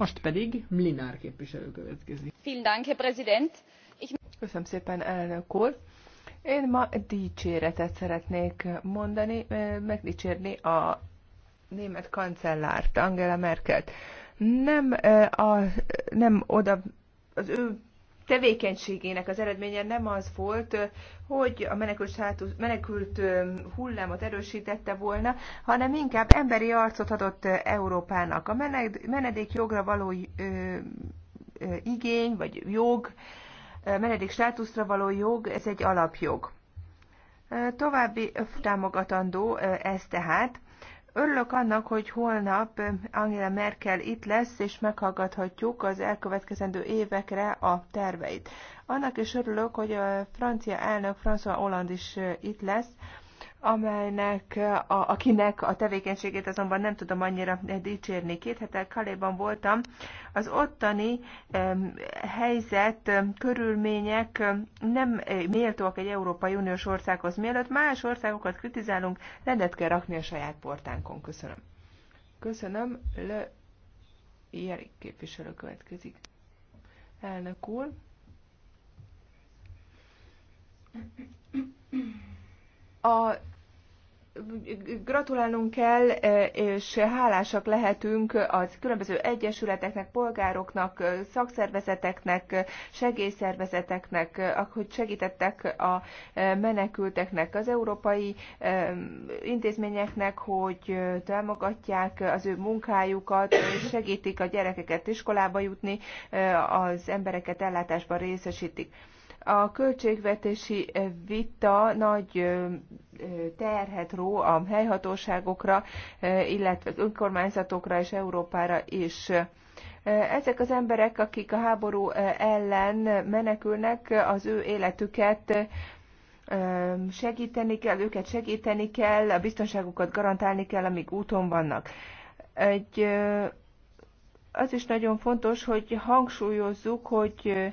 Most pedig Mlinár képviselő következik. Köszönöm szépen, elnök úr. Én ma dicséretet szeretnék mondani, megdicsérni a német kancellárt, Angela Merkelt. Nem, a, nem oda, az ő tevékenységének az eredménye nem az volt, hogy a menekült, státusz, menekült hullámot erősítette volna, hanem inkább emberi arcot adott Európának. A menedék jogra való igény, vagy jog, menedék státuszra való jog, ez egy alapjog. További támogatandó ez tehát, Örülök annak, hogy holnap Angela Merkel itt lesz, és meghallgathatjuk az elkövetkezendő évekre a terveit. Annak is örülök, hogy a francia elnök François Hollande is eh, itt lesz, amelynek, a, akinek a tevékenységét azonban nem tudom annyira dicsérni. Két hetel Kaléban voltam, az ottani um, helyzet, körülmények nem eh, méltóak egy Európai Uniós országhoz. Mielőtt más országokat kritizálunk, rendet kell rakni a saját portánkon. Köszönöm. Köszönöm. Le Jerik képviselő következik. Elnök úr. A gratulálnunk kell, e, és hálásak lehetünk az különböző egyesületeknek, polgároknak, e, szakszervezeteknek, e, segélyszervezeteknek, hogy segítettek a menekülteknek, az európai intézményeknek, hogy támogatják az ő munkájukat, és segítik a gyerekeket iskolába jutni, az embereket ellátásban részesítik. A költségvetési vita nagy terhet ró a helyhatóságokra, illetve az önkormányzatokra és Európára is. Ezek az emberek, akik a háború ellen menekülnek, az ő életüket segíteni kell, őket segíteni kell, a biztonságukat garantálni kell, amíg úton vannak. Egy, az is nagyon fontos, hogy hangsúlyozzuk, hogy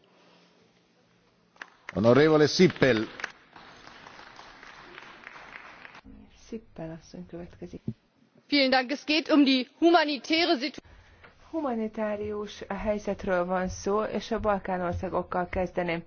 Sippel. asszony következik. Um humanitárius helyzetről van szó, és a Balkán országokkal kezdeném.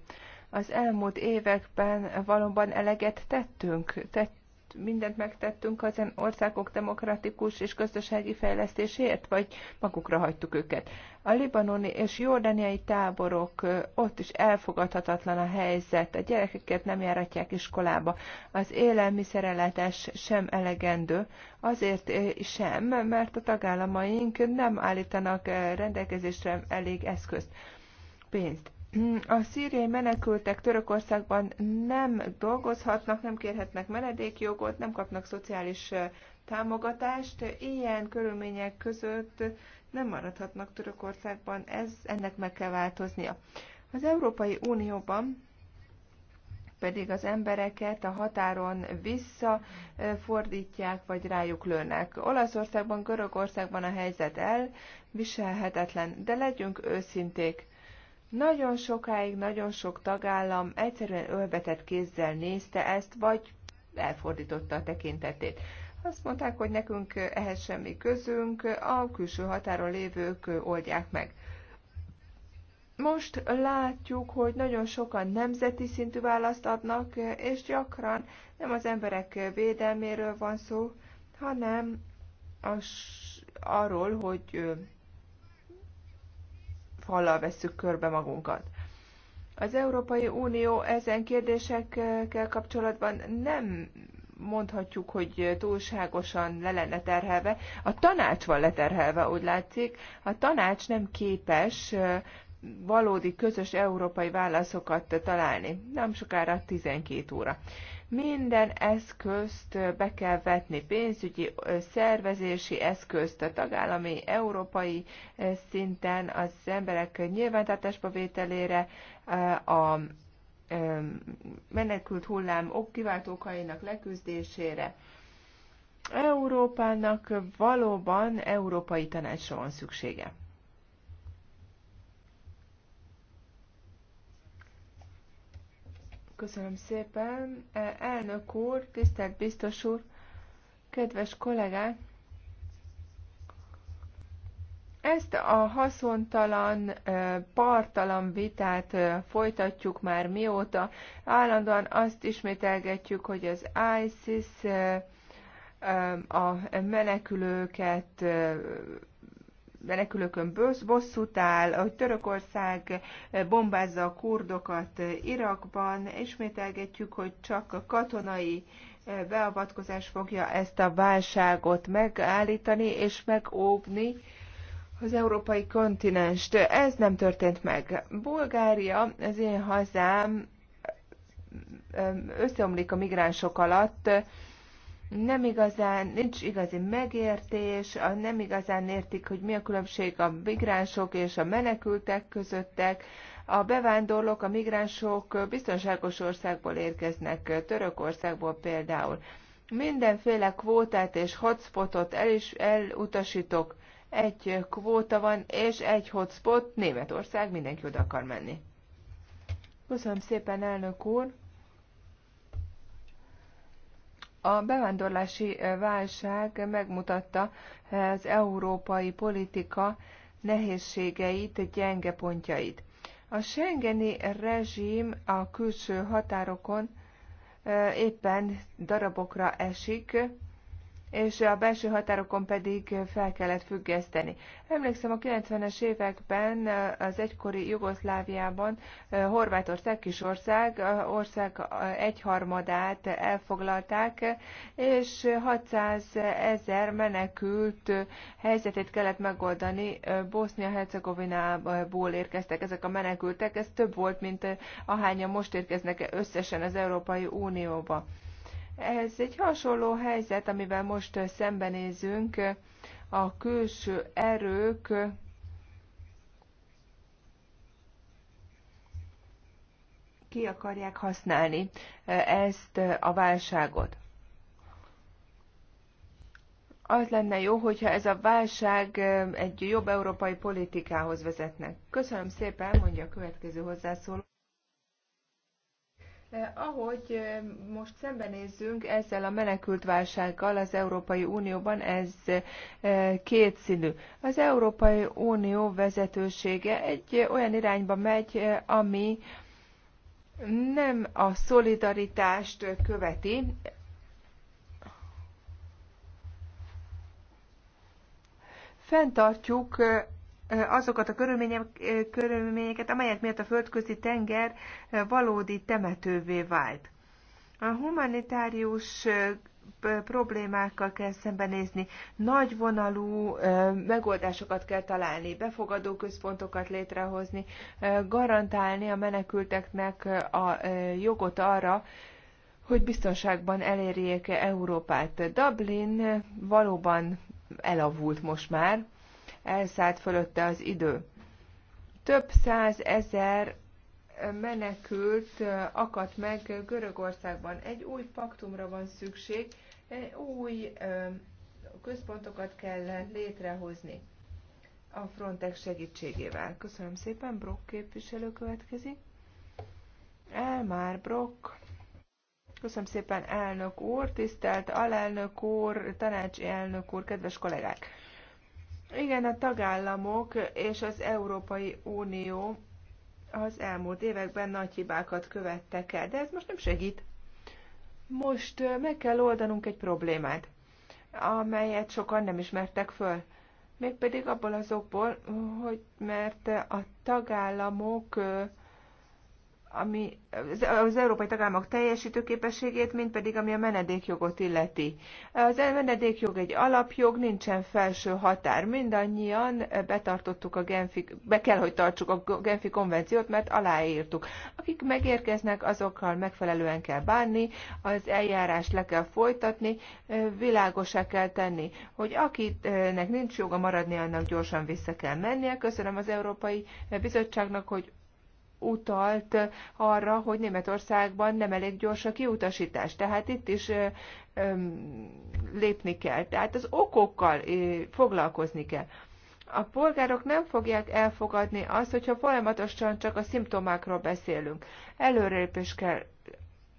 Az elmúlt években valóban eleget tettünk, tett, mindent megtettünk az országok demokratikus és gazdasági fejlesztéséért, vagy magukra hagytuk őket. A libanoni és jordániai táborok, ott is elfogadhatatlan a helyzet, a gyerekeket nem járatják iskolába, az élelmiszerellátás sem elegendő, azért sem, mert a tagállamaink nem állítanak rendelkezésre elég eszközt, pénzt a szíriai menekültek Törökországban nem dolgozhatnak, nem kérhetnek menedékjogot, nem kapnak szociális támogatást. Ilyen körülmények között nem maradhatnak Törökországban, ez ennek meg kell változnia. Az Európai Unióban pedig az embereket a határon visszafordítják, vagy rájuk lőnek. Olaszországban, Görögországban a helyzet elviselhetetlen, de legyünk őszinték nagyon sokáig, nagyon sok tagállam egyszerűen ölvetett kézzel nézte ezt, vagy elfordította a tekintetét. Azt mondták, hogy nekünk ehhez semmi közünk, a külső határon lévők oldják meg. Most látjuk, hogy nagyon sokan nemzeti szintű választ adnak, és gyakran nem az emberek védelméről van szó, hanem az, arról, hogy fallal vesszük körbe magunkat. Az Európai Unió ezen kérdésekkel kapcsolatban nem mondhatjuk, hogy túlságosan le lenne terhelve. A tanács van leterhelve, úgy látszik. A tanács nem képes valódi közös európai válaszokat találni. Nem sokára 12 óra. Minden eszközt be kell vetni, pénzügyi, szervezési eszközt a tagállami, európai szinten az emberek nyilvántartásba vételére, a menekült hullám okkiváltókainak leküzdésére. Európának valóban európai tanácsra van szüksége. Köszönöm szépen. E, elnök úr, tisztelt biztos úr, kedves kollégák! Ezt a haszontalan, e, partalan vitát e, folytatjuk már mióta. Állandóan azt ismételgetjük, hogy az ISIS a menekülőket menekülőkön bosszút áll, hogy Törökország bombázza a kurdokat Irakban, ismételgetjük, hogy csak a katonai eh, beavatkozás fogja ezt a válságot megállítani és megóvni az európai kontinenst. Ez nem történt meg. Bulgária, az én hazám, eh, összeomlik a migránsok alatt, nem igazán, nincs igazi megértés, a nem igazán értik, hogy mi a különbség a migránsok és a menekültek közöttek. A bevándorlók, a migránsok biztonságos országból érkeznek, Törökországból például. Mindenféle kvótát és hotspotot el is elutasítok. Egy kvóta van, és egy hotspot, Németország, mindenki oda akar menni. Köszönöm szépen, elnök úr! A bevándorlási válság megmutatta az európai politika nehézségeit, gyenge pontjait. A Schengeni rezsim a külső határokon éppen darabokra esik, és a belső határokon pedig fel kellett függeszteni. Emlékszem, a 90-es években az egykori Jugoszláviában Horvátország kisország, ország egyharmadát elfoglalták, és 600 ezer menekült helyzetét kellett megoldani. Bosznia-Hercegovinából érkeztek ezek a menekültek, ez több volt, mint ahányan most érkeznek összesen az Európai Unióba. Ez egy hasonló helyzet, amivel most szembenézünk. A külső erők ki akarják használni ezt a válságot. Az lenne jó, hogyha ez a válság egy jobb európai politikához vezetne. Köszönöm szépen, mondja a következő hozzászóló. Ahogy most szembenézzünk ezzel a menekültválsággal az Európai Unióban, ez kétszínű. Az Európai Unió vezetősége egy olyan irányba megy, ami nem a szolidaritást követi, fenntartjuk azokat a körülményeket, amelyek miatt a földközi tenger valódi temetővé vált. A humanitárius problémákkal kell szembenézni, nagy vonalú megoldásokat kell találni, befogadó központokat létrehozni, garantálni a menekülteknek a jogot arra, hogy biztonságban elérjék Európát. Dublin valóban elavult most már, elszállt fölötte az idő. Több ezer menekült akadt meg Görögországban. Egy új paktumra van szükség, új központokat kell létrehozni a Frontex segítségével. Köszönöm szépen, Brock képviselő következik. már Brock. Köszönöm szépen, elnök úr, tisztelt alelnök úr, tanácsi elnök úr, kedves kollégák! Igen, a tagállamok és az Európai Unió az elmúlt években nagy hibákat követtek el, de ez most nem segít. Most meg kell oldanunk egy problémát, amelyet sokan nem ismertek föl. Mégpedig abból az okból, hogy mert a tagállamok ami az európai tagállamok képességét, mint pedig ami a menedékjogot illeti. Az menedékjog egy alapjog, nincsen felső határ. Mindannyian betartottuk a Genfi, be kell, hogy tartsuk a Genfi konvenciót, mert aláírtuk. Akik megérkeznek, azokkal megfelelően kell bánni, az eljárást le kell folytatni, világosá kell tenni, hogy akinek nincs joga maradni, annak gyorsan vissza kell mennie. Köszönöm az Európai Bizottságnak, hogy utalt arra, hogy Németországban nem elég gyors a kiutasítás. Tehát itt is lépni kell. Tehát az okokkal foglalkozni kell. A polgárok nem fogják elfogadni azt, hogyha folyamatosan csak a szimptomákról beszélünk. Előrelépés kell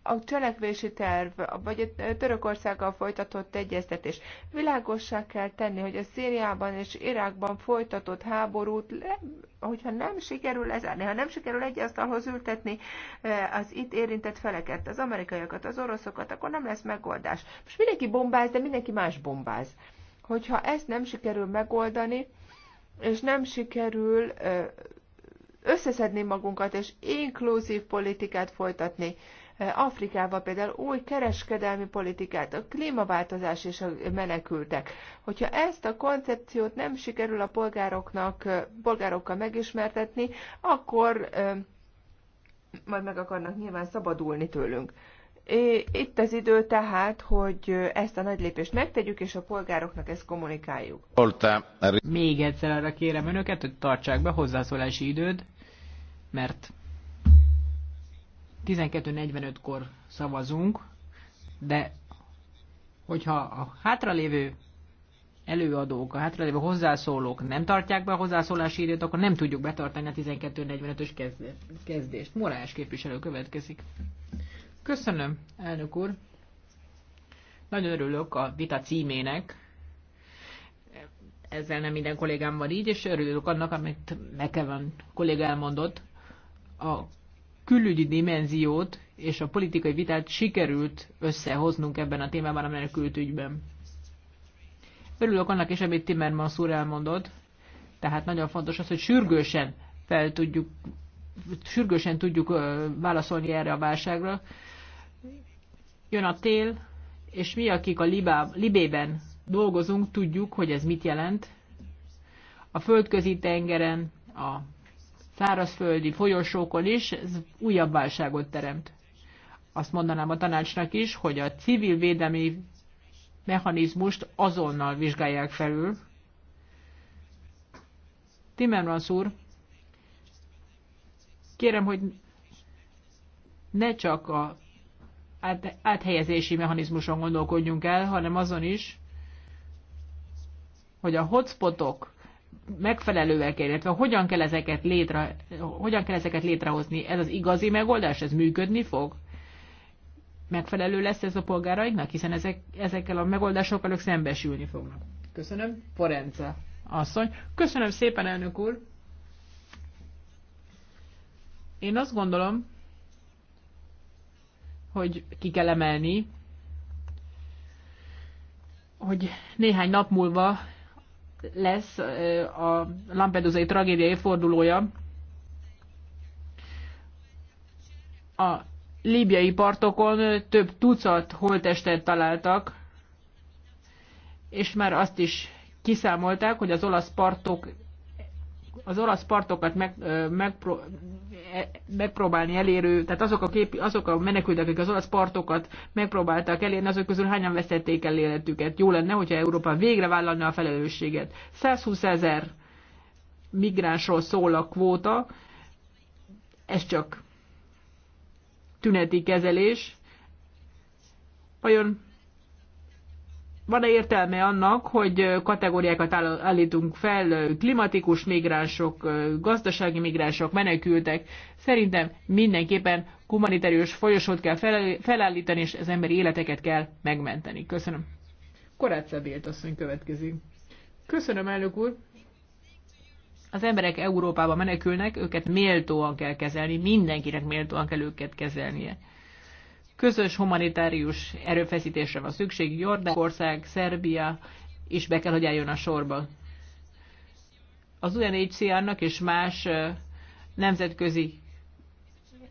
a cselekvési terv, vagy a Törökországgal folytatott egyeztetés. Világossá kell tenni, hogy a Szíriában és Irákban folytatott háborút, hogyha nem sikerül lezárni, ha nem sikerül egy asztalhoz ültetni eh, az itt érintett feleket, az amerikaiakat, az oroszokat, akkor nem lesz megoldás. Most mindenki bombáz, de mindenki más bombáz. Hogyha ezt nem sikerül megoldani, és nem sikerül eh, összeszedni magunkat, és inkluzív politikát folytatni, Afrikával például új kereskedelmi politikát, a klímaváltozás és a menekültek. Hogyha ezt a koncepciót nem sikerül a polgároknak, polgárokkal megismertetni, akkor majd meg akarnak nyilván szabadulni tőlünk. Itt az idő tehát, hogy ezt a nagy lépést megtegyük, és a polgároknak ezt kommunikáljuk. Még egyszer arra kérem önöket, hogy tartsák be hozzászólási időd, mert 12.45-kor szavazunk, de hogyha a hátralévő előadók, a hátralévő hozzászólók nem tartják be a hozzászólási időt, akkor nem tudjuk betartani a 12.45-ös kezdést. Morás képviselő következik. Köszönöm, elnök úr. Nagyon örülök a vita címének. Ezzel nem minden kollégám van így, és örülök annak, amit nekem van kollégám mondott. A külügyi dimenziót és a politikai vitát sikerült összehoznunk ebben a témában a menekült ügyben. Örülök annak is, amit Timmermans úr elmondott, tehát nagyon fontos az, hogy sürgősen fel tudjuk, sürgősen tudjuk válaszolni erre a válságra. Jön a tél, és mi, akik a libá, libében dolgozunk, tudjuk, hogy ez mit jelent. A földközi tengeren, a szárazföldi folyosókon is, ez újabb válságot teremt. Azt mondanám a tanácsnak is, hogy a civil védelmi mechanizmust azonnal vizsgálják felül. Timmermans úr, kérem, hogy ne csak a át, áthelyezési mechanizmuson gondolkodjunk el, hanem azon is, hogy a hotspotok megfelelőek, illetve hogyan kell, ezeket létre, hogyan kell ezeket létrehozni. Ez az igazi megoldás, ez működni fog? Megfelelő lesz ez a polgáraiknak, hiszen ezek, ezekkel a megoldásokkal ők szembesülni fognak. Köszönöm, Forence asszony. Köszönöm szépen, elnök úr. Én azt gondolom, hogy ki kell emelni, hogy néhány nap múlva lesz a Lampedusai tragédia évfordulója. A líbiai partokon több tucat holtestet találtak, és már azt is kiszámolták, hogy az olasz partok az olasz partokat meg, megpró, e, megpróbálni elérő, tehát azok a, kép, azok a menekültek, akik az olasz partokat megpróbálták elérni, azok közül hányan vesztették el életüket. Jó lenne, hogyha Európa végre vállalna a felelősséget. 120 ezer migránsról szól a kvóta, ez csak tüneti kezelés. Vajon van-e értelme annak, hogy kategóriákat állítunk fel, klimatikus migránsok, gazdasági migránsok, menekültek? Szerintem mindenképpen humanitárius folyosót kell felállítani, és az emberi életeket kell megmenteni. Köszönöm. Korát Szebélt asszony következik. Köszönöm, elnök úr. Az emberek Európába menekülnek, őket méltóan kell kezelni, mindenkinek méltóan kell őket kezelnie. Közös humanitárius erőfeszítésre van szükség. Jordánország, Szerbia is be kell, hogy álljon a sorba. Az UNHCR-nak és más nemzetközi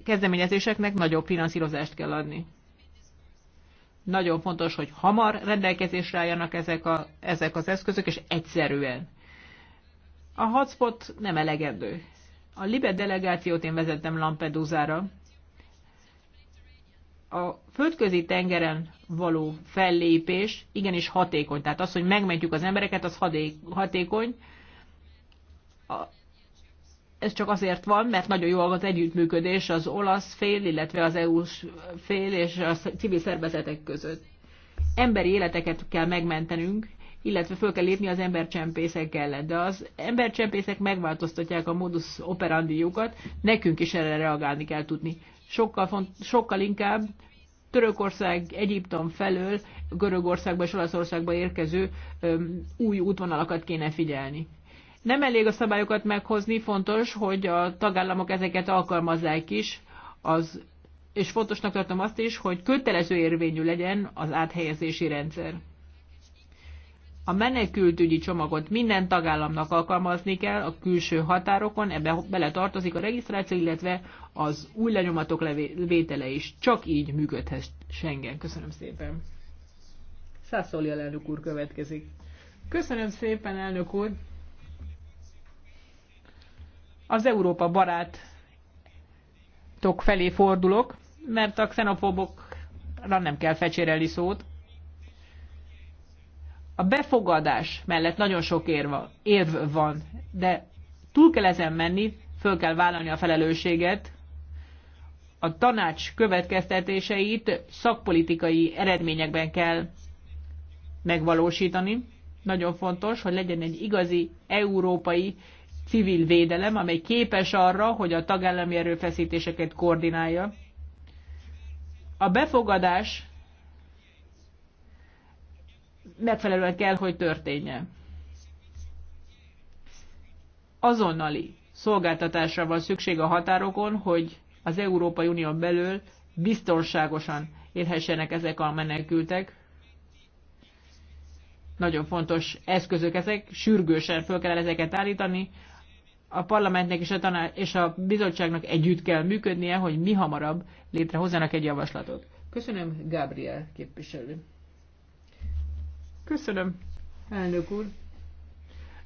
kezdeményezéseknek nagyobb finanszírozást kell adni. Nagyon fontos, hogy hamar rendelkezésre álljanak ezek, a, ezek az eszközök, és egyszerűen. A hotspot nem elegendő. A Libet delegációt én vezettem Lampedusa-ra, a földközi tengeren való fellépés igenis hatékony. Tehát az, hogy megmentjük az embereket, az hatékony. Ez csak azért van, mert nagyon jó az együttműködés az olasz fél, illetve az EU-s fél és a civil szervezetek között. Emberi életeket kell megmentenünk, illetve föl kell lépni az embercsempészek ellen. De az embercsempészek megváltoztatják a modus operandiukat, nekünk is erre reagálni kell tudni sokkal, font, sokkal inkább Törökország, Egyiptom felől Görögországba és Olaszországba érkező öm, új útvonalakat kéne figyelni. Nem elég a szabályokat meghozni, fontos, hogy a tagállamok ezeket alkalmazzák is, az, és fontosnak tartom azt is, hogy kötelező érvényű legyen az áthelyezési rendszer. A menekültügyi csomagot minden tagállamnak alkalmazni kell a külső határokon, ebbe bele tartozik a regisztráció, illetve az új lenyomatok vétele is. Csak így működhet Schengen. Köszönöm szépen. Szászoli elnök úr következik. Köszönöm szépen, elnök úr. Az Európa barátok felé fordulok, mert a xenofobokra nem kell fecsérelni szót a befogadás mellett nagyon sok érv van, de túl kell ezen menni, föl kell vállalni a felelősséget, a tanács következtetéseit szakpolitikai eredményekben kell megvalósítani. Nagyon fontos, hogy legyen egy igazi európai civil védelem, amely képes arra, hogy a tagállami erőfeszítéseket koordinálja. A befogadás megfelelően kell, hogy történjen. Azonnali szolgáltatásra van szükség a határokon, hogy az Európai Unión belül biztonságosan élhessenek ezek a menekültek. Nagyon fontos eszközök ezek, sürgősen föl kell ezeket állítani. A parlamentnek és a, tanács, és a bizottságnak együtt kell működnie, hogy mi hamarabb létrehozzanak egy javaslatot. Köszönöm, Gabriel képviselő. Köszönöm, elnök úr.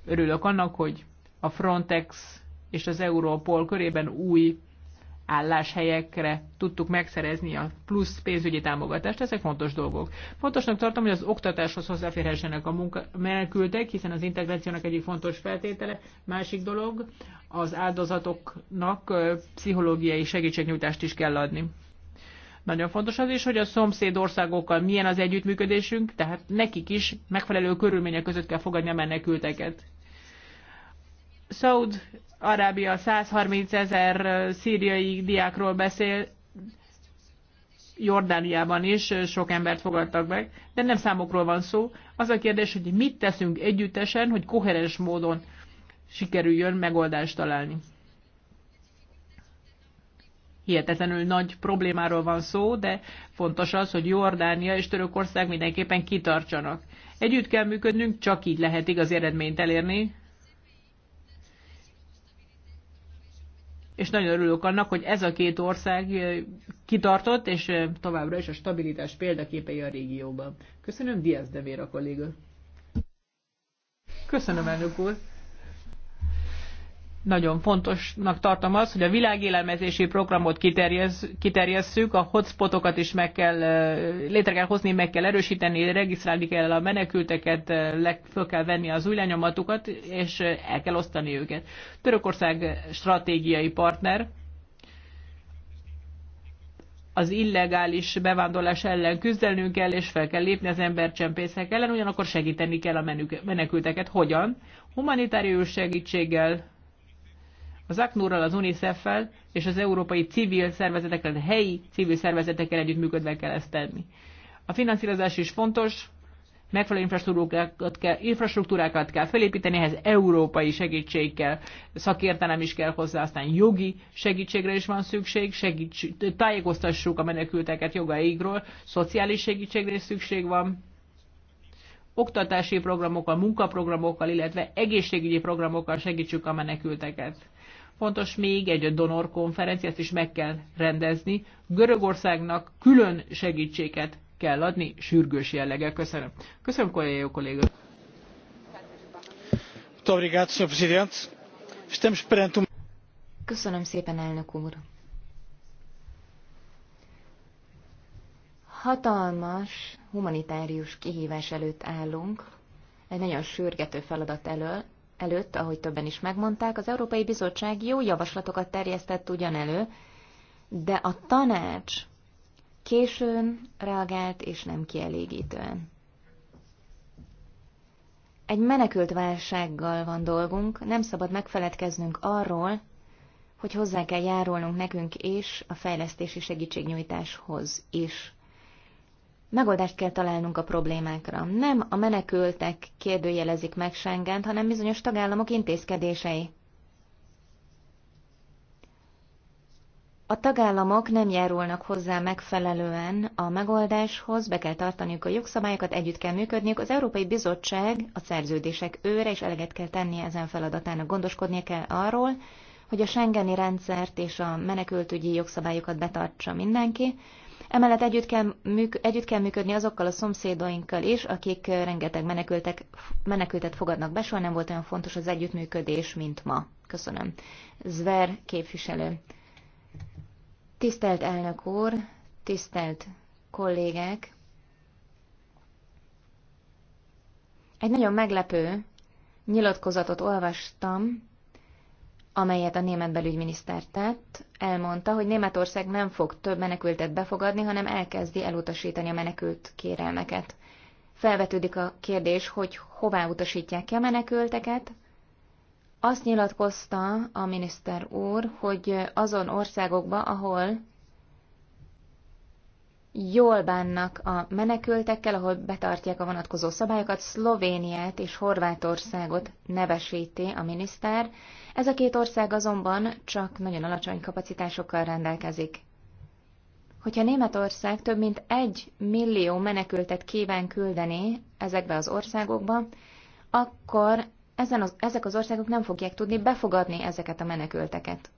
Örülök annak, hogy a Frontex és az Europol körében új álláshelyekre tudtuk megszerezni a plusz pénzügyi támogatást. Ezek fontos dolgok. Fontosnak tartom, hogy az oktatáshoz hozzáférhessenek a munka menekültek, hiszen az integrációnak egyik fontos feltétele. Másik dolog, az áldozatoknak pszichológiai segítségnyújtást is kell adni. Nagyon fontos az is, hogy a szomszéd országokkal milyen az együttműködésünk, tehát nekik is megfelelő körülmények között kell fogadni a menekülteket. Saud Arábia 130 ezer szíriai diákról beszél, Jordániában is sok embert fogadtak meg, de nem számokról van szó. Az a kérdés, hogy mit teszünk együttesen, hogy koherens módon sikerüljön megoldást találni hihetetlenül nagy problémáról van szó, de fontos az, hogy Jordánia és Törökország mindenképpen kitartsanak. Együtt kell működnünk, csak így lehet igaz eredményt elérni. És nagyon örülök annak, hogy ez a két ország kitartott, és továbbra is a stabilitás példaképei a régióban. Köszönöm, Diaz Devér a kolléga. Köszönöm, elnök úr. Nagyon fontosnak tartom azt, hogy a világélelmezési programot kiterjesszük, a hotspotokat is meg kell, létre kell hozni, meg kell erősíteni, regisztrálni kell a menekülteket, föl kell venni az új lenyomatukat, és el kell osztani őket. Törökország stratégiai partner, az illegális bevándorlás ellen küzdenünk kell, és fel kell lépni az embercsempészek ellen, ugyanakkor segíteni kell a menekülteket. Hogyan? Humanitárius segítséggel, az ACNUR-ral, az UNICEF-fel és az európai civil szervezetekkel, helyi civil szervezetekkel együttműködve kell ezt tenni. A finanszírozás is fontos, megfelelő infrastruktúrákat kell, infrastruktúrákat kell felépíteni, ehhez európai segítség kell, szakértelem is kell hozzá, aztán jogi segítségre is van szükség, segíts, tájékoztassuk a menekülteket jogaikról, szociális segítségre is szükség van, oktatási programokkal, munkaprogramokkal, illetve egészségügyi programokkal segítsük a menekülteket. Fontos még egy donor konferencia, ezt is meg kell rendezni. Görögországnak külön segítséget kell adni, sürgős jelleggel. Köszönöm. Köszönöm, jó kolléga. Um- Köszönöm szépen, elnök úr. Hatalmas humanitárius kihívás előtt állunk, egy nagyon sürgető feladat elől, előtt, ahogy többen is megmondták, az Európai Bizottság jó javaslatokat terjesztett ugyan elő, de a tanács későn reagált és nem kielégítően. Egy menekült válsággal van dolgunk, nem szabad megfeledkeznünk arról, hogy hozzá kell járulnunk nekünk és a fejlesztési segítségnyújtáshoz is. Megoldást kell találnunk a problémákra. Nem a menekültek kérdőjelezik meg Schengent, hanem bizonyos tagállamok intézkedései. A tagállamok nem járulnak hozzá megfelelően a megoldáshoz, be kell tartaniuk a jogszabályokat, együtt kell működniük. Az Európai Bizottság a szerződések őre és eleget kell tennie ezen feladatának. Gondoskodnia kell arról, hogy a Schengeni rendszert és a menekültügyi jogszabályokat betartsa mindenki, Emellett együtt kell, műk, együtt kell működni azokkal a szomszédainkkal is, akik rengeteg menekültek, menekültet fogadnak be, soha nem volt olyan fontos az együttműködés, mint ma. Köszönöm. Zver képviselő. Tisztelt elnök úr, tisztelt kollégek. Egy nagyon meglepő nyilatkozatot olvastam amelyet a német belügyminiszter tett, elmondta, hogy Németország nem fog több menekültet befogadni, hanem elkezdi elutasítani a menekült kérelmeket. Felvetődik a kérdés, hogy hová utasítják ki a menekülteket. Azt nyilatkozta a miniszter úr, hogy azon országokba, ahol jól bánnak a menekültekkel, ahol betartják a vonatkozó szabályokat. Szlovéniát és Horvátországot nevesíti a miniszter. Ez a két ország azonban csak nagyon alacsony kapacitásokkal rendelkezik. Hogyha Németország több mint egy millió menekültet kíván küldeni ezekbe az országokba, akkor ezen az, ezek az országok nem fogják tudni befogadni ezeket a menekülteket.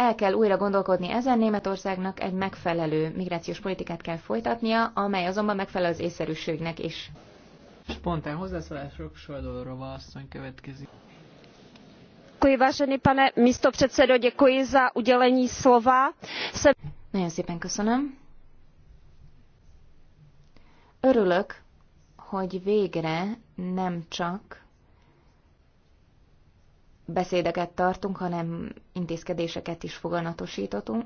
El kell újra gondolkodni ezen Németországnak egy megfelelő migrációs politikát kell folytatnia, amely azonban megfelel az észszerűségnek is. Spontán hozzászólások Sajdolorova asszony következik. Děkuji, vážený pane místopředsedo, děkuji za udělení slova. Jsem... Nagyon szépen köszönöm. Örülök, hogy végre nem csak beszédeket tartunk, hanem intézkedéseket is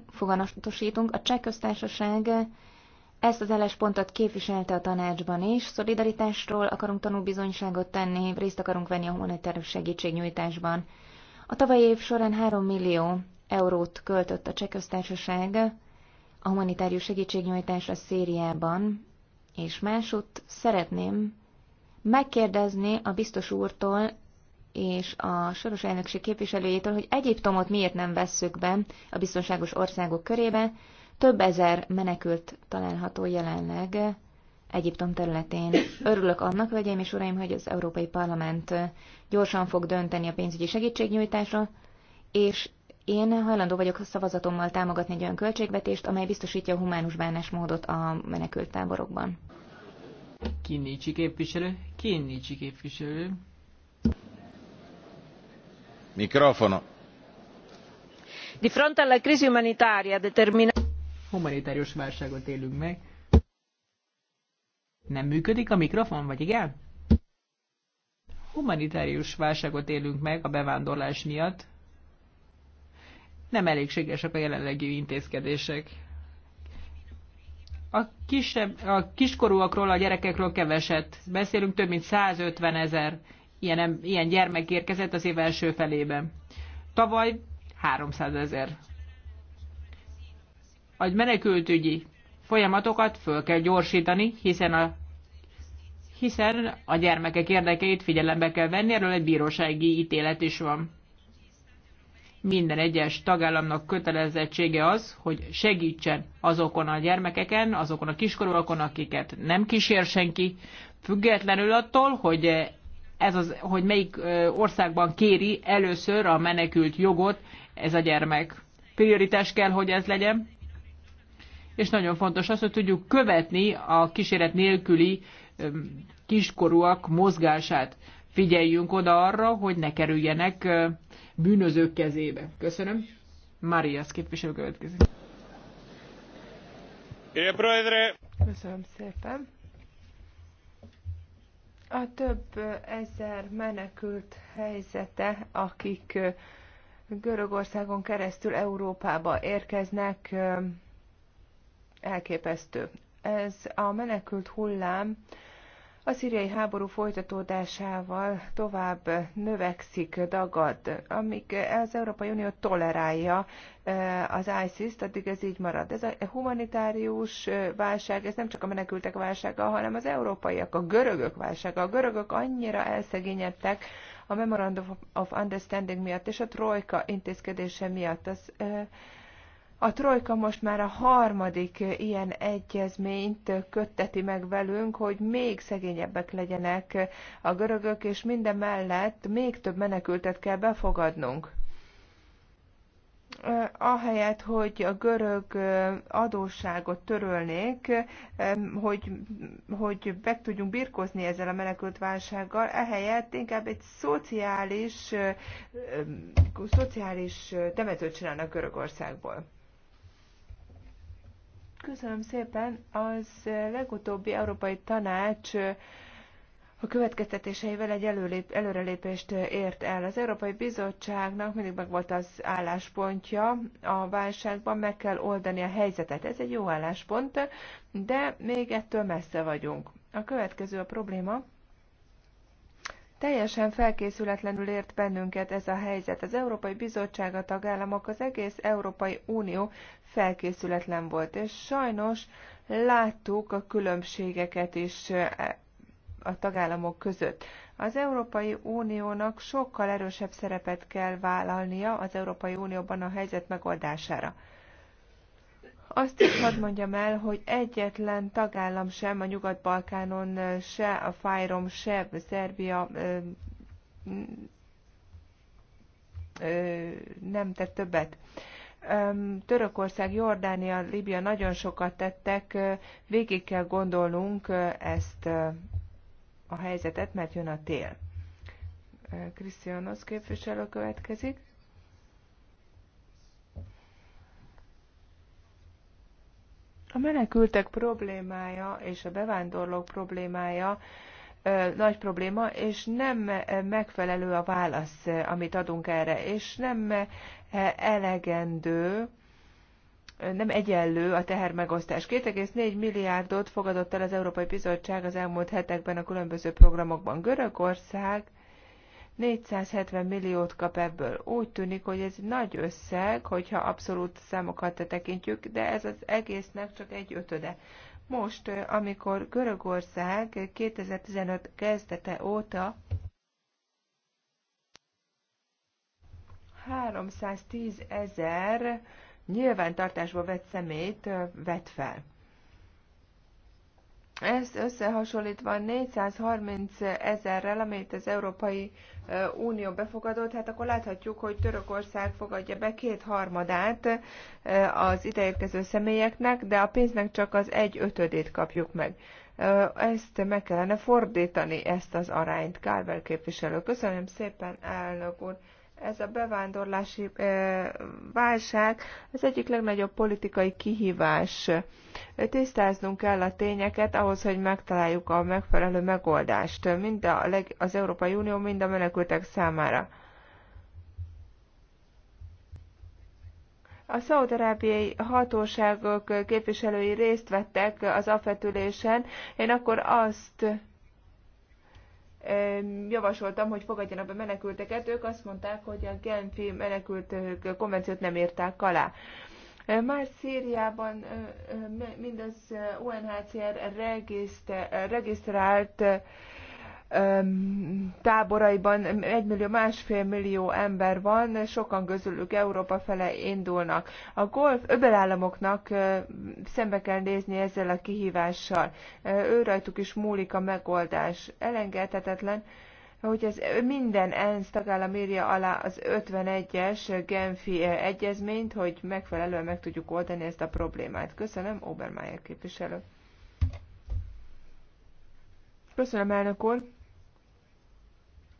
foganatosítunk. A cseh köztársaság ezt az álláspontot képviselte a tanácsban is. Szolidaritásról akarunk tanúbizonyságot tenni, részt akarunk venni a humanitárius segítségnyújtásban. A tavalyi év során 3 millió eurót költött a cseh köztársaság a humanitárius segítségnyújtásra szériában, és másutt szeretném megkérdezni a biztos úrtól, és a soros elnökség képviselőjétől, hogy Egyiptomot miért nem vesszük be a biztonságos országok körébe. Több ezer menekült található jelenleg Egyiptom területén. Örülök annak, vegyeim és uraim, hogy az Európai Parlament gyorsan fog dönteni a pénzügyi segítségnyújtásra, és én hajlandó vagyok szavazatommal támogatni egy olyan költségvetést, amely biztosítja a humánus bánásmódot a menekült táborokban. Kinnicsi képviselő, kinnicsi képviselő di fronte alla crisi umanitaria determinata. humanitárius válságot élünk meg. Nem működik a mikrofon, vagy igen? Humanitárius válságot élünk meg a bevándorlás miatt. Nem elégségesek a jelenlegi intézkedések. A, kisebb, a kiskorúakról, a gyerekekről keveset beszélünk, több mint 150 ezer ilyen, ilyen gyermek érkezett az év első felében. Tavaly 300 ezer. A menekültügyi folyamatokat föl kell gyorsítani, hiszen a, hiszen a gyermekek érdekeit figyelembe kell venni, erről egy bírósági ítélet is van. Minden egyes tagállamnak kötelezettsége az, hogy segítsen azokon a gyermekeken, azokon a kiskorúakon, akiket nem kísér senki, függetlenül attól, hogy ez az, hogy melyik országban kéri először a menekült jogot ez a gyermek. Prioritás kell, hogy ez legyen. És nagyon fontos az, hogy tudjuk követni a kíséret nélküli kiskorúak mozgását. Figyeljünk oda arra, hogy ne kerüljenek bűnözők kezébe. Köszönöm. Maria az képviselő következik. Köszönöm szépen. A több ezer menekült helyzete, akik Görögországon keresztül Európába érkeznek, elképesztő. Ez a menekült hullám a szíriai háború folytatódásával tovább növekszik, dagad, amíg az Európai Unió tolerálja eh, az ISIS-t, addig ez így marad. Ez a humanitárius eh, válság, ez nem csak a menekültek válsága, hanem az európaiak, a görögök válsága. A görögök annyira elszegényedtek a Memorandum of Understanding miatt és a Trojka intézkedése miatt. Az, eh, a Trojka most már a harmadik ilyen egyezményt kötteti meg velünk, hogy még szegényebbek legyenek a görögök, és minden mellett még több menekültet kell befogadnunk ahelyett, hogy a görög adósságot törölnék, hogy, hogy meg tudjunk birkozni ezzel a menekült válsággal, ehelyett inkább egy szociális, szociális temetőt csinálnak Görögországból. Köszönöm szépen. Az legutóbbi Európai Tanács a következtetéseivel egy előlép, előrelépést ért el. Az Európai Bizottságnak mindig megvolt az álláspontja a válságban, meg kell oldani a helyzetet. Ez egy jó álláspont, de még ettől messze vagyunk. A következő a probléma, Teljesen felkészületlenül ért bennünket ez a helyzet. Az Európai Bizottság, a tagállamok, az egész Európai Unió felkészületlen volt, és sajnos láttuk a különbségeket is e, a tagállamok között. Az Európai Uniónak sokkal erősebb szerepet kell vállalnia az Európai Unióban a helyzet megoldására. Azt is hadd mondjam el, hogy egyetlen tagállam sem a Nyugat-Balkánon, se a Fájrom, se a Szerbia ö, ö, nem tett többet. Törökország, Jordánia, Libia nagyon sokat tettek, végig kell gondolnunk ezt a helyzetet, mert jön a tél. Krisztiánosz képviselő következik. A menekültek problémája és a bevándorlók problémája nagy probléma, és nem megfelelő a válasz, amit adunk erre, és nem elegendő, nem egyenlő a tehermegosztás. 2,4 milliárdot fogadott el az Európai Bizottság az elmúlt hetekben a különböző programokban. Görögország 470 milliót kap ebből. Úgy tűnik, hogy ez nagy összeg, hogyha abszolút számokat tekintjük, de ez az egésznek csak egy ötöde. Most, amikor Görögország 2015 kezdete óta 310 ezer nyilvántartásba vett szemét vett fel. Ezt összehasonlítva 430 ezerrel, amelyet az Európai Unió befogadott, hát akkor láthatjuk, hogy Törökország fogadja be kétharmadát az ideérkező személyeknek, de a pénznek csak az egy ötödét kapjuk meg. Ezt meg kellene fordítani, ezt az arányt. Kárvel képviselő, köszönöm szépen, elnök úr ez a bevándorlási válság az egyik legnagyobb politikai kihívás Tisztáznunk kell a tényeket ahhoz, hogy megtaláljuk a megfelelő megoldást, mind a, az Európai Unió, mind a menekültek számára. A szaudarábiai hatóságok képviselői részt vettek az afetülésen. Én akkor azt javasoltam, hogy fogadjanak be menekülteket. Ők azt mondták, hogy a Genfi menekült konvenciót nem írták alá. Már Szíriában mindez UNHCR regisztrált táboraiban egymillió, másfél millió ember van, sokan közülük Európa fele indulnak. A golf öbelállamoknak szembe kell nézni ezzel a kihívással. Ő rajtuk is múlik a megoldás. Elengedhetetlen, hogy ez minden ENSZ tagállam írja alá az 51-es Genfi eh, egyezményt, hogy megfelelően meg tudjuk oldani ezt a problémát. Köszönöm, Obermeier képviselő. Köszönöm, elnök úr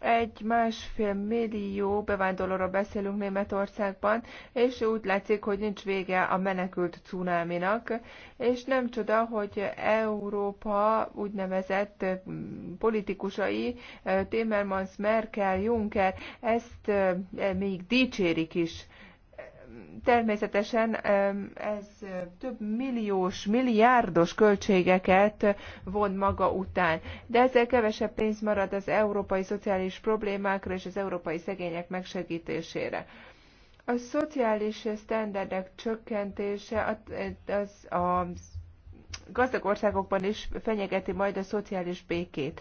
egy másfél millió bevándorlóról beszélünk Németországban, és úgy látszik, hogy nincs vége a menekült cunáminak, és nem csoda, hogy Európa úgynevezett politikusai, Timmermans, Merkel, Juncker ezt még dicsérik is természetesen ez több milliós, milliárdos költségeket von maga után. De ezzel kevesebb pénz marad az európai szociális problémákra és az európai szegények megsegítésére. A szociális sztenderdek csökkentése az, az, a gazdag országokban is fenyegeti majd a szociális békét.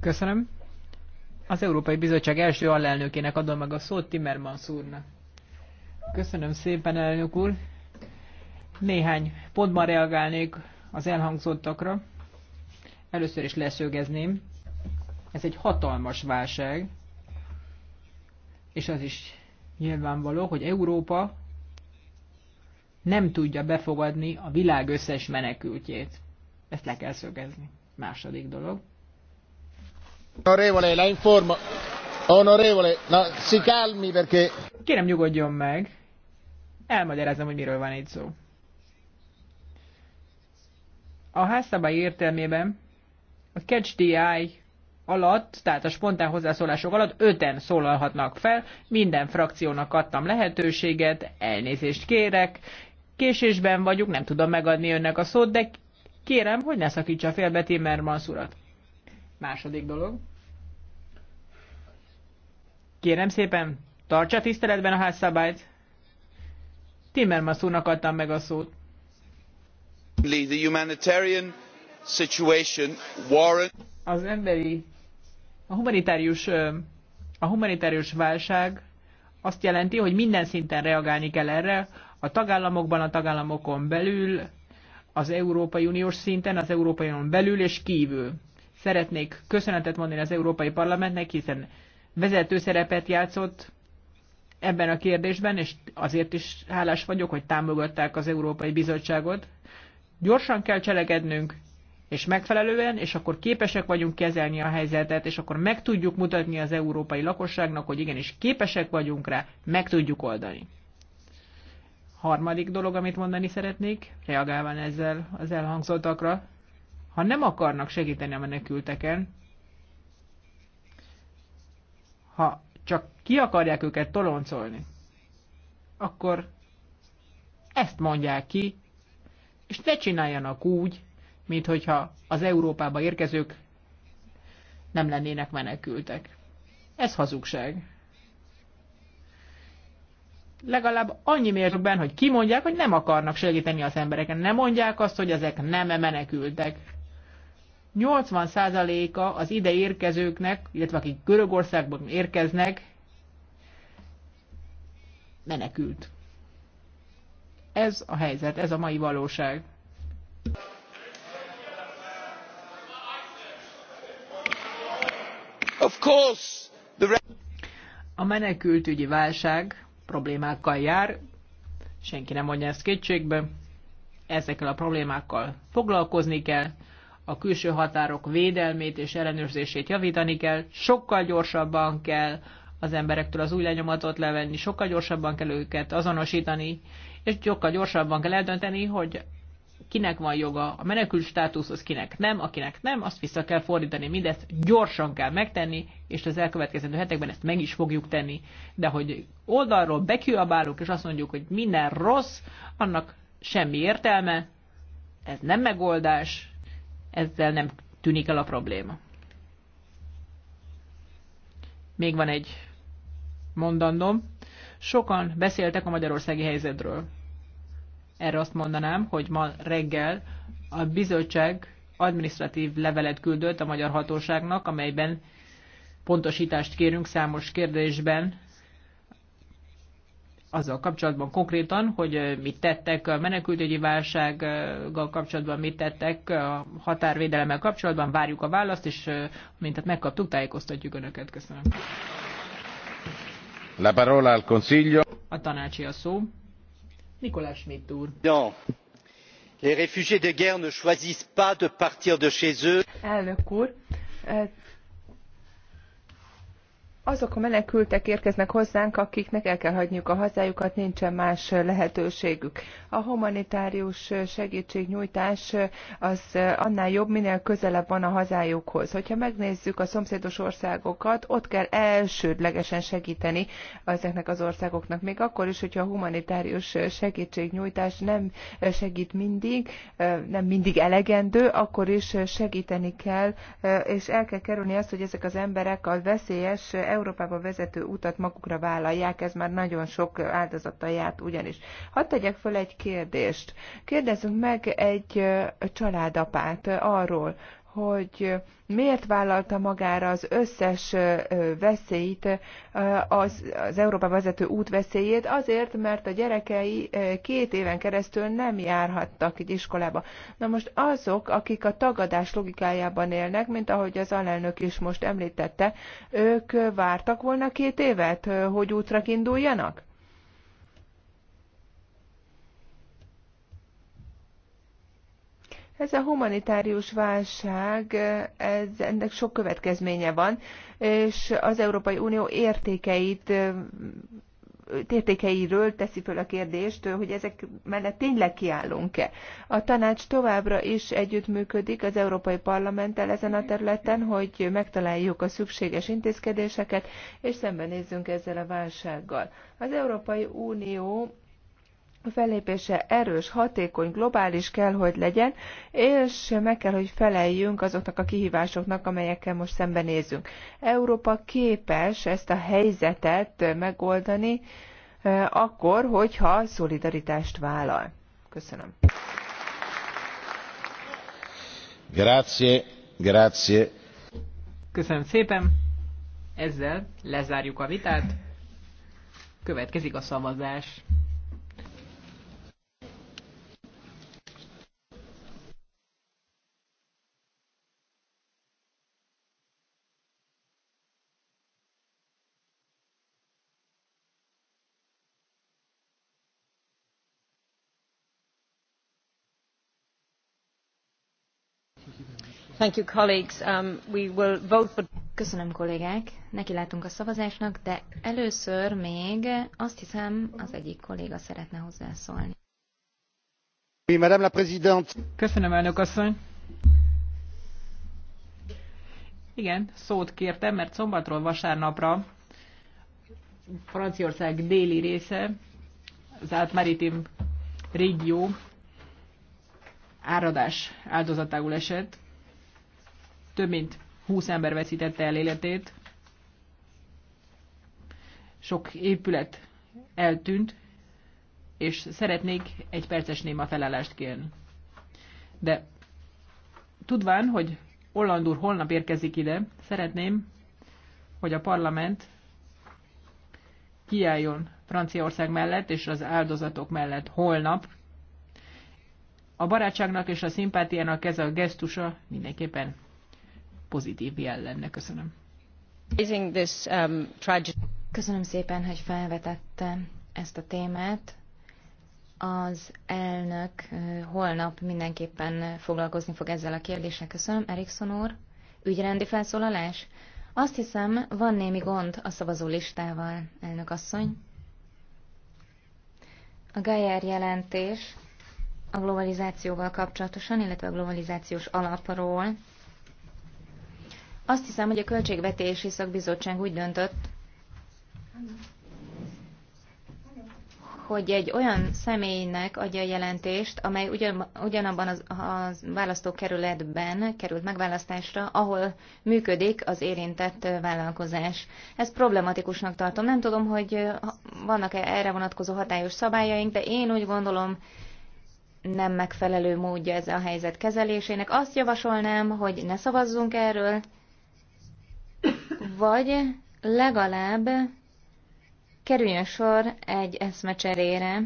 Köszönöm. Az Európai Bizottság első alelnökének adom meg a szót Timmermans úrnak. Köszönöm szépen, elnök úr. Néhány pontban reagálnék az elhangzottakra. Először is leszögezném. Ez egy hatalmas válság, és az is nyilvánvaló, hogy Európa nem tudja befogadni a világ összes menekültjét. Ezt le kell szögezni. Második dolog. Onorevole, la informo. Onorevole, la, si calmi perché... Kérem nyugodjon meg. Elmagyarázom, hogy miről van itt szó. A házszabály értelmében a catch the eye alatt, tehát a spontán hozzászólások alatt öten szólalhatnak fel, minden frakciónak adtam lehetőséget, elnézést kérek, késésben vagyunk, nem tudom megadni önnek a szót, de Kérem, hogy ne szakítsa félbe Timmermans urat. Második dolog. Kérem szépen, tartsa tiszteletben a házszabályt. Timmermans úrnak adtam meg a szót. Az emberi, a humanitárius, a humanitárius válság azt jelenti, hogy minden szinten reagálni kell erre, a tagállamokban, a tagállamokon belül, az Európai Uniós szinten, az Európai Unión belül és kívül. Szeretnék köszönetet mondani az Európai Parlamentnek, hiszen vezető szerepet játszott ebben a kérdésben, és azért is hálás vagyok, hogy támogatták az Európai Bizottságot. Gyorsan kell cselekednünk, és megfelelően, és akkor képesek vagyunk kezelni a helyzetet, és akkor meg tudjuk mutatni az európai lakosságnak, hogy igenis képesek vagyunk rá, meg tudjuk oldani. Harmadik dolog, amit mondani szeretnék, reagálva ezzel az elhangzottakra, ha nem akarnak segíteni a menekülteken, ha csak ki akarják őket toloncolni, akkor ezt mondják ki, és ne csináljanak úgy, mint hogyha az Európába érkezők nem lennének menekültek. Ez hazugság legalább annyi mértékben, hogy kimondják, hogy nem akarnak segíteni az embereken. Nem mondják azt, hogy ezek nem menekültek. 80%-a az ide érkezőknek, illetve akik Görögországban érkeznek, menekült. Ez a helyzet, ez a mai valóság. Of course, the... A menekültügyi válság problémákkal jár, senki nem mondja ezt kétségbe, ezekkel a problémákkal foglalkozni kell, a külső határok védelmét és ellenőrzését javítani kell, sokkal gyorsabban kell az emberektől az új lenyomatot levenni, sokkal gyorsabban kell őket azonosítani, és sokkal gyorsabban kell eldönteni, hogy kinek van joga a menekült az kinek nem, akinek nem, azt vissza kell fordítani, mindezt gyorsan kell megtenni, és az elkövetkezendő hetekben ezt meg is fogjuk tenni. De hogy oldalról bekülabálunk, és azt mondjuk, hogy minden rossz, annak semmi értelme, ez nem megoldás, ezzel nem tűnik el a probléma. Még van egy mondandom. Sokan beszéltek a magyarországi helyzetről. Erre azt mondanám, hogy ma reggel a bizottság administratív levelet küldött a magyar hatóságnak, amelyben pontosítást kérünk számos kérdésben, azzal kapcsolatban konkrétan, hogy mit tettek a menekültügyi válsággal kapcsolatban, mit tettek a határvédelemmel kapcsolatban, várjuk a választ, és mintet hát megkaptuk, tájékoztatjuk Önöket. Köszönöm. La parola al consiglio. A tanácsi a szó. Nikolás Schmidt úr. No. Les de guerre ne Elnök úr, azok a menekültek érkeznek hozzánk, akiknek el kell hagyniuk a hazájukat, nincsen más lehetőségük. A humanitárius segítségnyújtás az annál jobb, minél közelebb van a hazájukhoz. Hogyha megnézzük a szomszédos országokat, ott kell elsődlegesen segíteni ezeknek az országoknak, még akkor is, hogyha a humanitárius segítségnyújtás nem segít mindig, nem mindig elegendő, akkor is segíteni kell, és el kell kerülni azt, hogy ezek az emberek a veszélyes Európába vezető utat magukra vállalják, ez már nagyon sok áldozattal járt ugyanis. Hadd tegyek föl egy kérdést. Kérdezzünk meg egy családapát arról, hogy miért vállalta magára az összes veszélyt, az, az Európa vezető út veszélyét, azért, mert a gyerekei két éven keresztül nem járhattak egy iskolába. Na most azok, akik a tagadás logikájában élnek, mint ahogy az alelnök is most említette, ők vártak volna két évet, hogy útra induljanak? Ez a humanitárius válság, ez, ennek sok következménye van, és az Európai Unió értékeit értékeiről teszi föl a kérdést, hogy ezek mellett tényleg kiállunk-e. A tanács továbbra is együttműködik az Európai Parlamenttel ezen a területen, hogy megtaláljuk a szükséges intézkedéseket, és szembenézzünk ezzel a válsággal. Az Európai Unió fellépése erős, hatékony, globális kell, hogy legyen, és meg kell, hogy feleljünk azoknak a kihívásoknak, amelyekkel most szembenézünk. Európa képes ezt a helyzetet megoldani akkor, hogyha szolidaritást vállal. Köszönöm. Grazie, grazie. Köszönöm szépen. Ezzel lezárjuk a vitát. Következik a szavazás. Um, Köszönöm, kollégák. Nekilátunk a szavazásnak, de először még azt hiszem az egyik kolléga szeretne hozzászólni. Köszönöm, elnök asszony. Igen, szót kértem, mert szombatról vasárnapra Franciaország déli része, az átmaritim régió áradás áldozatául esett több mint 20 ember veszítette el életét, sok épület eltűnt, és szeretnék egy perces néma felállást kérni. De tudván, hogy Holland úr holnap érkezik ide, szeretném, hogy a parlament kiálljon Franciaország mellett és az áldozatok mellett holnap. A barátságnak és a szimpátiának ez a gesztusa mindenképpen pozitív jel lenne. Köszönöm. Um, Köszönöm szépen, hogy felvetette ezt a témát. Az elnök holnap mindenképpen foglalkozni fog ezzel a kérdéssel. Köszönöm, Erikson úr. Ügyrendi felszólalás? Azt hiszem, van némi gond a szavazó listával, elnök asszony. A Gajer jelentés a globalizációval kapcsolatosan, illetve a globalizációs alapról azt hiszem, hogy a Költségvetési Szakbizottság úgy döntött, hogy egy olyan személynek adja a jelentést, amely ugyan, ugyanabban az, az választókerületben került megválasztásra, ahol működik az érintett vállalkozás. Ezt problematikusnak tartom. Nem tudom, hogy vannak-e erre vonatkozó hatályos szabályaink, de én úgy gondolom, nem megfelelő módja ez a helyzet kezelésének. Azt javasolnám, hogy ne szavazzunk erről, vagy legalább kerüljön sor egy eszmecserére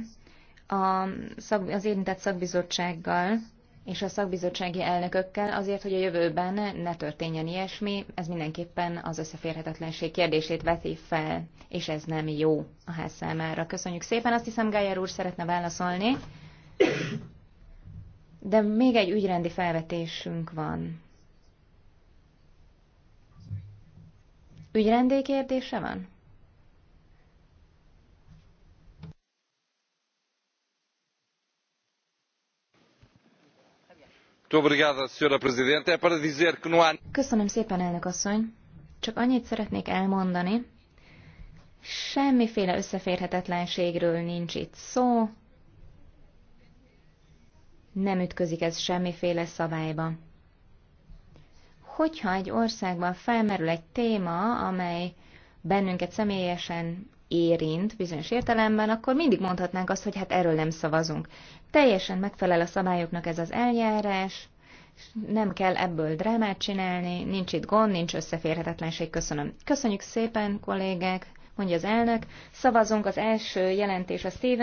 a szak, az érintett szakbizottsággal és a szakbizottsági elnökökkel azért, hogy a jövőben ne történjen ilyesmi, ez mindenképpen az összeférhetetlenség kérdését veti fel, és ez nem jó a ház számára. Köszönjük szépen, azt hiszem Gájer úr szeretne válaszolni, de még egy ügyrendi felvetésünk van. Ügyrendi kérdése van? Köszönöm szépen, elnök asszony. Csak annyit szeretnék elmondani, semmiféle összeférhetetlenségről nincs itt szó, nem ütközik ez semmiféle szabályba hogyha egy országban felmerül egy téma, amely bennünket személyesen érint bizonyos értelemben, akkor mindig mondhatnánk azt, hogy hát erről nem szavazunk. Teljesen megfelel a szabályoknak ez az eljárás, nem kell ebből drámát csinálni, nincs itt gond, nincs összeférhetetlenség, köszönöm. Köszönjük szépen, kollégák, mondja az elnök. Szavazunk az első jelentés a Steven